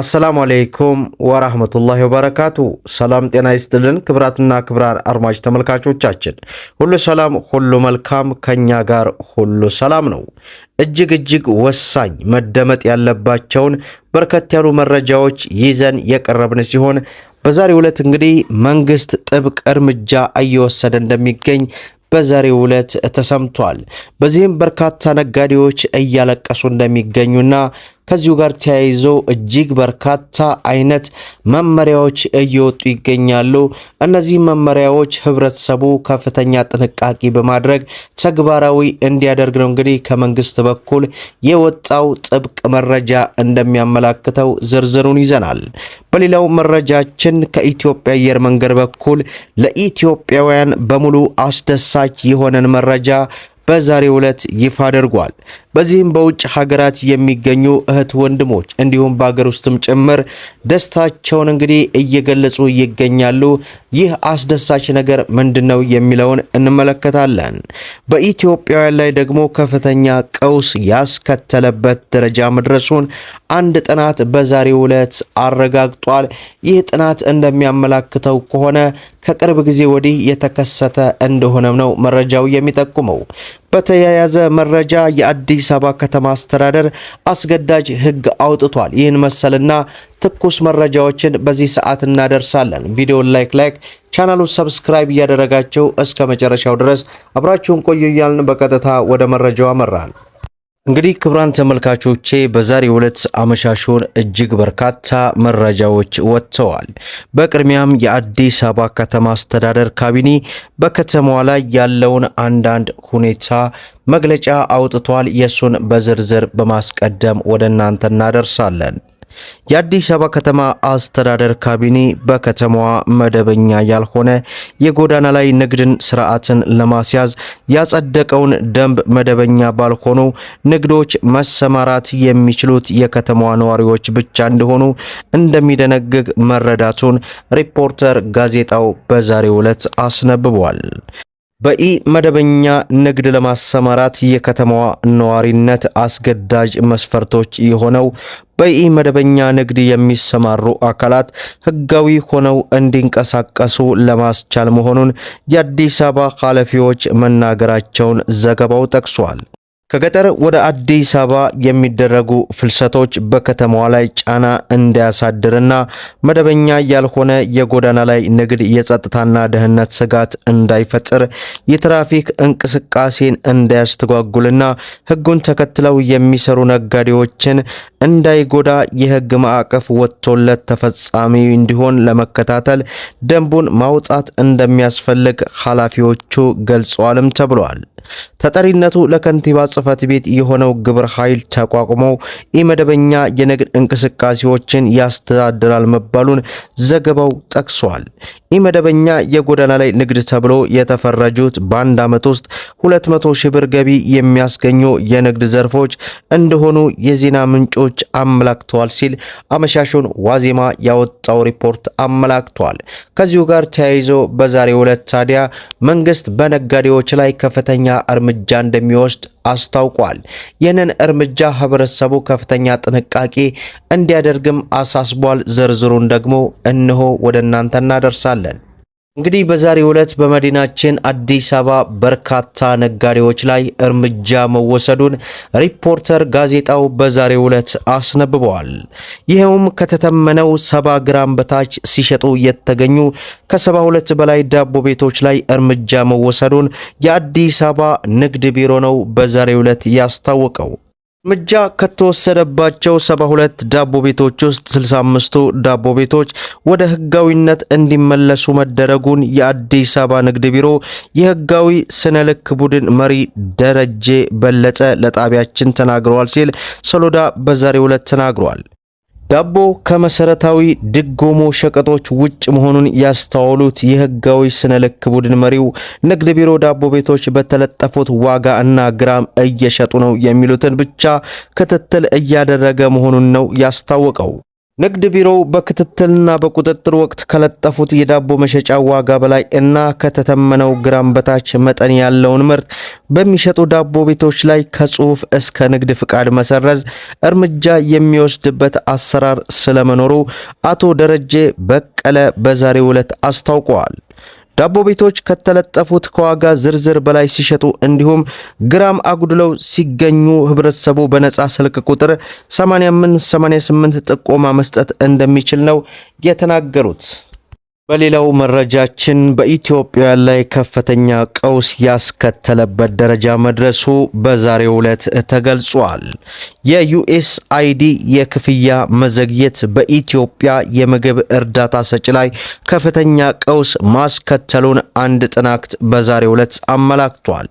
አሰላሙ አለይኩም ወራህመቱላሂ ወበረካቱ። ሰላም ጤና ይስጥልን ክብራትና ክብራር አድማጭ ተመልካቾቻችን ሁሉ ሰላም ሁሉ መልካም፣ ከኛ ጋር ሁሉ ሰላም ነው። እጅግ እጅግ ወሳኝ መደመጥ ያለባቸውን በርከት ያሉ መረጃዎች ይዘን የቀረብን ሲሆን በዛሬው ዕለት እንግዲህ መንግስት ጥብቅ እርምጃ እየወሰደ እንደሚገኝ በዛሬው ዕለት ተሰምቷል። በዚህም በርካታ ነጋዴዎች እያለቀሱ እንደሚገኙና ከዚሁ ጋር ተያይዞ እጅግ በርካታ አይነት መመሪያዎች እየወጡ ይገኛሉ። እነዚህ መመሪያዎች ህብረተሰቡ ከፍተኛ ጥንቃቄ በማድረግ ተግባራዊ እንዲያደርግ ነው እንግዲህ ከመንግስት በኩል የወጣው ጥብቅ መረጃ እንደሚያመላክተው ዝርዝሩን ይዘናል። በሌላው መረጃችን ከኢትዮጵያ አየር መንገድ በኩል ለኢትዮጵያውያን በሙሉ አስደሳች የሆነን መረጃ በዛሬው ዕለት ይፋ አድርጓል። በዚህም በውጭ ሀገራት የሚገኙ እህት ወንድሞች እንዲሁም በሀገር ውስጥም ጭምር ደስታቸውን እንግዲህ እየገለጹ ይገኛሉ። ይህ አስደሳች ነገር ምንድን ነው የሚለውን እንመለከታለን። በኢትዮጵያውያን ላይ ደግሞ ከፍተኛ ቀውስ ያስከተለበት ደረጃ መድረሱን አንድ ጥናት በዛሬው ዕለት አረጋግጧል። ይህ ጥናት እንደሚያመላክተው ከሆነ ከቅርብ ጊዜ ወዲህ የተከሰተ እንደሆነም ነው መረጃው የሚጠቁመው። በተያያዘ መረጃ የአዲስ አበባ ከተማ አስተዳደር አስገዳጅ ሕግ አውጥቷል። ይህን መሰልና ትኩስ መረጃዎችን በዚህ ሰዓት እናደርሳለን። ቪዲዮን ላይክ ላይክ ቻናሉን ሰብስክራይብ እያደረጋችሁ እስከ መጨረሻው ድረስ አብራችሁን ቆዩ እያልን በቀጥታ ወደ መረጃው አመራን። እንግዲህ ክቡራን ተመልካቾቼ በዛሬ ዕለት አመሻሹን እጅግ በርካታ መረጃዎች ወጥተዋል። በቅድሚያም የአዲስ አበባ ከተማ አስተዳደር ካቢኔ በከተማዋ ላይ ያለውን አንዳንድ ሁኔታ መግለጫ አውጥቷል። የእሱን በዝርዝር በማስቀደም ወደ እናንተ እናደርሳለን። የአዲስ አበባ ከተማ አስተዳደር ካቢኔ በከተማዋ መደበኛ ያልሆነ የጎዳና ላይ ንግድን ስርዓትን ለማስያዝ ያጸደቀውን ደንብ መደበኛ ባልሆኑ ንግዶች መሰማራት የሚችሉት የከተማዋ ነዋሪዎች ብቻ እንደሆኑ እንደሚደነግግ መረዳቱን ሪፖርተር ጋዜጣው በዛሬው ዕለት አስነብቧል። በኢ መደበኛ ንግድ ለማሰማራት የከተማዋ ነዋሪነት አስገዳጅ መስፈርቶች የሆነው በኢ መደበኛ ንግድ የሚሰማሩ አካላት ህጋዊ ሆነው እንዲንቀሳቀሱ ለማስቻል መሆኑን የአዲስ አበባ ኃላፊዎች መናገራቸውን ዘገባው ጠቅሷል። ከገጠር ወደ አዲስ አበባ የሚደረጉ ፍልሰቶች በከተማዋ ላይ ጫና እንዳያሳድርና መደበኛ ያልሆነ የጎዳና ላይ ንግድ የጸጥታና ደህንነት ስጋት እንዳይፈጥር የትራፊክ እንቅስቃሴን እንዳያስተጓጉልና ሕጉን ተከትለው የሚሰሩ ነጋዴዎችን እንዳይጎዳ የሕግ ማዕቀፍ ወጥቶለት ተፈጻሚ እንዲሆን ለመከታተል ደንቡን ማውጣት እንደሚያስፈልግ ኃላፊዎቹ ገልጸዋልም ተብሏል። ተጠሪነቱ ለከንቲባ ጽህፈት ቤት የሆነው ግብረ ኃይል ተቋቁሞ ኢመደበኛ የንግድ እንቅስቃሴዎችን ያስተዳድራል መባሉን ዘገባው ጠቅሷል። ኢመደበኛ የጎዳና ላይ ንግድ ተብሎ የተፈረጁት በአንድ ዓመት ውስጥ 200 ሺህ ብር ገቢ የሚያስገኙ የንግድ ዘርፎች እንደሆኑ የዜና ምንጮች አመላክተዋል ሲል አመሻሹን ዋዜማ ያወጣው ሪፖርት አመላክቷል። ከዚሁ ጋር ተያይዞ በዛሬው ዕለት ታዲያ መንግስት በነጋዴዎች ላይ ከፍተኛ እርምጃ እንደሚወስድ አስ አስታውቋል። ይህንን እርምጃ ህብረተሰቡ ከፍተኛ ጥንቃቄ እንዲያደርግም አሳስቧል። ዝርዝሩን ደግሞ እንሆ ወደ እናንተ እናደርሳለን። እንግዲህ በዛሬው ዕለት በመዲናችን አዲስ አበባ በርካታ ነጋዴዎች ላይ እርምጃ መወሰዱን ሪፖርተር ጋዜጣው በዛሬው ዕለት አስነብበዋል። ይኸውም ከተተመነው 70 ግራም በታች ሲሸጡ የተገኙ ከ72 በላይ ዳቦ ቤቶች ላይ እርምጃ መወሰዱን የአዲስ አበባ ንግድ ቢሮ ነው በዛሬው ዕለት ያስታወቀው። እርምጃ ከተወሰደባቸው 72 ዳቦ ቤቶች ውስጥ 65ቱ ዳቦ ቤቶች ወደ ህጋዊነት እንዲመለሱ መደረጉን የአዲስ አበባ ንግድ ቢሮ የህጋዊ ስነ ልክ ቡድን መሪ ደረጀ በለጠ ለጣቢያችን ተናግረዋል ሲል ሰሎዳ በዛሬው ዕለት ተናግሯል። ዳቦ ከመሰረታዊ ድጎሞ ሸቀጦች ውጭ መሆኑን ያስተዋሉት የህጋዊ ስነ ልክ ቡድን መሪው ንግድ ቢሮ ዳቦ ቤቶች በተለጠፉት ዋጋ እና ግራም እየሸጡ ነው የሚሉትን ብቻ ክትትል እያደረገ መሆኑን ነው ያስታወቀው። ንግድ ቢሮው በክትትልና በቁጥጥር ወቅት ከለጠፉት የዳቦ መሸጫ ዋጋ በላይ እና ከተተመነው ግራም በታች መጠን ያለውን ምርት በሚሸጡ ዳቦ ቤቶች ላይ ከጽሑፍ እስከ ንግድ ፍቃድ መሰረዝ እርምጃ የሚወስድበት አሰራር ስለመኖሩ አቶ ደረጀ በቀለ በዛሬው ዕለት አስታውቀዋል። ዳቦ ቤቶች ከተለጠፉት ከዋጋ ዝርዝር በላይ ሲሸጡ እንዲሁም ግራም አጉድለው ሲገኙ ህብረተሰቡ በነፃ ስልክ ቁጥር 8888 ጥቆማ መስጠት እንደሚችል ነው የተናገሩት። በሌላው መረጃችን በኢትዮጵያ ላይ ከፍተኛ ቀውስ ያስከተለበት ደረጃ መድረሱ በዛሬው ዕለት ተገልጿል። የዩኤስ አይዲ የክፍያ መዘግየት በኢትዮጵያ የምግብ እርዳታ ሰጪ ላይ ከፍተኛ ቀውስ ማስከተሉን አንድ ጥናት በዛሬው ዕለት አመላክቷል።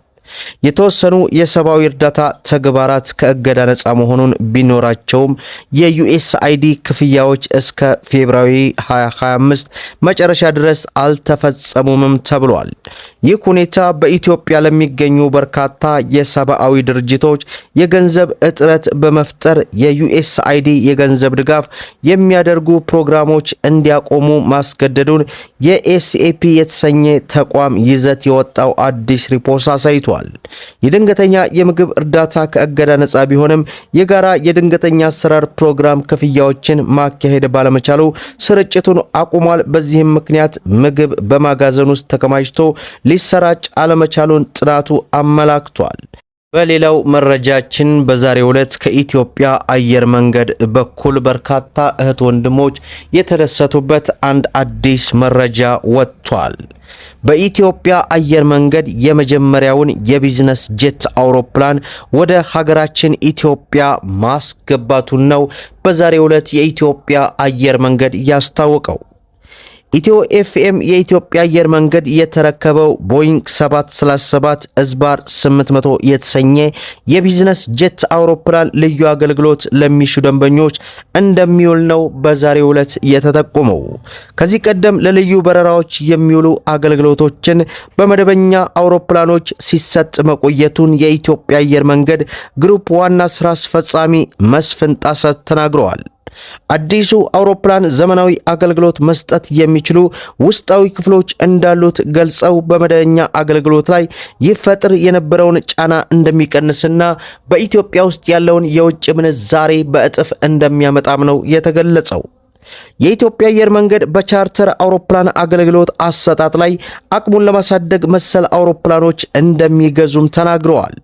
የተወሰኑ የሰብአዊ እርዳታ ተግባራት ከእገዳ ነፃ መሆኑን ቢኖራቸውም የዩኤስአይዲ ክፍያዎች እስከ ፌብራሪ 2025 መጨረሻ ድረስ አልተፈጸሙምም ተብሏል። ይህ ሁኔታ በኢትዮጵያ ለሚገኙ በርካታ የሰብአዊ ድርጅቶች የገንዘብ እጥረት በመፍጠር የዩኤስአይዲ የገንዘብ ድጋፍ የሚያደርጉ ፕሮግራሞች እንዲያቆሙ ማስገደዱን የኤስኤፒ የተሰኘ ተቋም ይዘት የወጣው አዲስ ሪፖርት አሳይቷል። ተገልጿል። የድንገተኛ የምግብ እርዳታ ከእገዳ ነፃ ቢሆንም የጋራ የድንገተኛ አሰራር ፕሮግራም ክፍያዎችን ማካሄድ ባለመቻሉ ስርጭቱን አቁሟል። በዚህም ምክንያት ምግብ በማጋዘን ውስጥ ተከማችቶ ሊሰራጭ አለመቻሉን ጥናቱ አመላክቷል። በሌላው መረጃችን በዛሬው ዕለት ከኢትዮጵያ አየር መንገድ በኩል በርካታ እህት ወንድሞች የተደሰቱበት አንድ አዲስ መረጃ ወጥቷል። በኢትዮጵያ አየር መንገድ የመጀመሪያውን የቢዝነስ ጄት አውሮፕላን ወደ ሀገራችን ኢትዮጵያ ማስገባቱን ነው በዛሬው ዕለት የኢትዮጵያ አየር መንገድ ያስታወቀው። ኢትዮ ኤፍኤም የኢትዮጵያ አየር መንገድ የተረከበው ቦይንግ 737 እዝባር 800 የተሰኘ የቢዝነስ ጀት አውሮፕላን ልዩ አገልግሎት ለሚሹ ደንበኞች እንደሚውል ነው በዛሬው ዕለት የተጠቆመው። ከዚህ ቀደም ለልዩ በረራዎች የሚውሉ አገልግሎቶችን በመደበኛ አውሮፕላኖች ሲሰጥ መቆየቱን የኢትዮጵያ አየር መንገድ ግሩፕ ዋና ስራ አስፈጻሚ መስፍን ጣሰት ተናግረዋል። አዲሱ አውሮፕላን ዘመናዊ አገልግሎት መስጠት የሚችሉ ውስጣዊ ክፍሎች እንዳሉት ገልጸው በመደበኛ አገልግሎት ላይ ይፈጥር የነበረውን ጫና እንደሚቀንስና በኢትዮጵያ ውስጥ ያለውን የውጭ ምንዛሬ በእጥፍ እንደሚያመጣም ነው የተገለጸው። የኢትዮጵያ አየር መንገድ በቻርተር አውሮፕላን አገልግሎት አሰጣጥ ላይ አቅሙን ለማሳደግ መሰል አውሮፕላኖች እንደሚገዙም ተናግረዋል።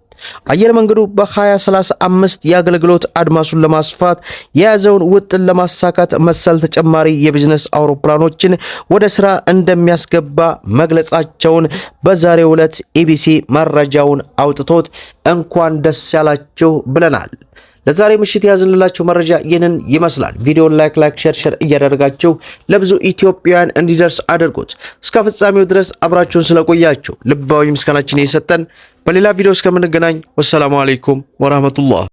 አየር መንገዱ በ2035 የአገልግሎት አድማሱን ለማስፋት የያዘውን ውጥን ለማሳካት መሰል ተጨማሪ የቢዝነስ አውሮፕላኖችን ወደ ስራ እንደሚያስገባ መግለጻቸውን በዛሬው ዕለት ኢቢሲ መረጃውን አውጥቶት እንኳን ደስ ያላችሁ ብለናል። ለዛሬ ምሽት የያዝንላችሁ መረጃ ይህንን ይመስላል። ቪዲዮን ላይክ ላይክ ሼር ሼር እያደረጋችሁ ለብዙ ኢትዮጵያውያን እንዲደርስ አድርጉት። እስከ ፍጻሜው ድረስ አብራችሁን ስለቆያችሁ ልባዊ ምስጋናችን እየሰጠን በሌላ ቪዲዮ እስከምንገናኝ ወሰላሙ አሌይኩም ወራህመቱላህ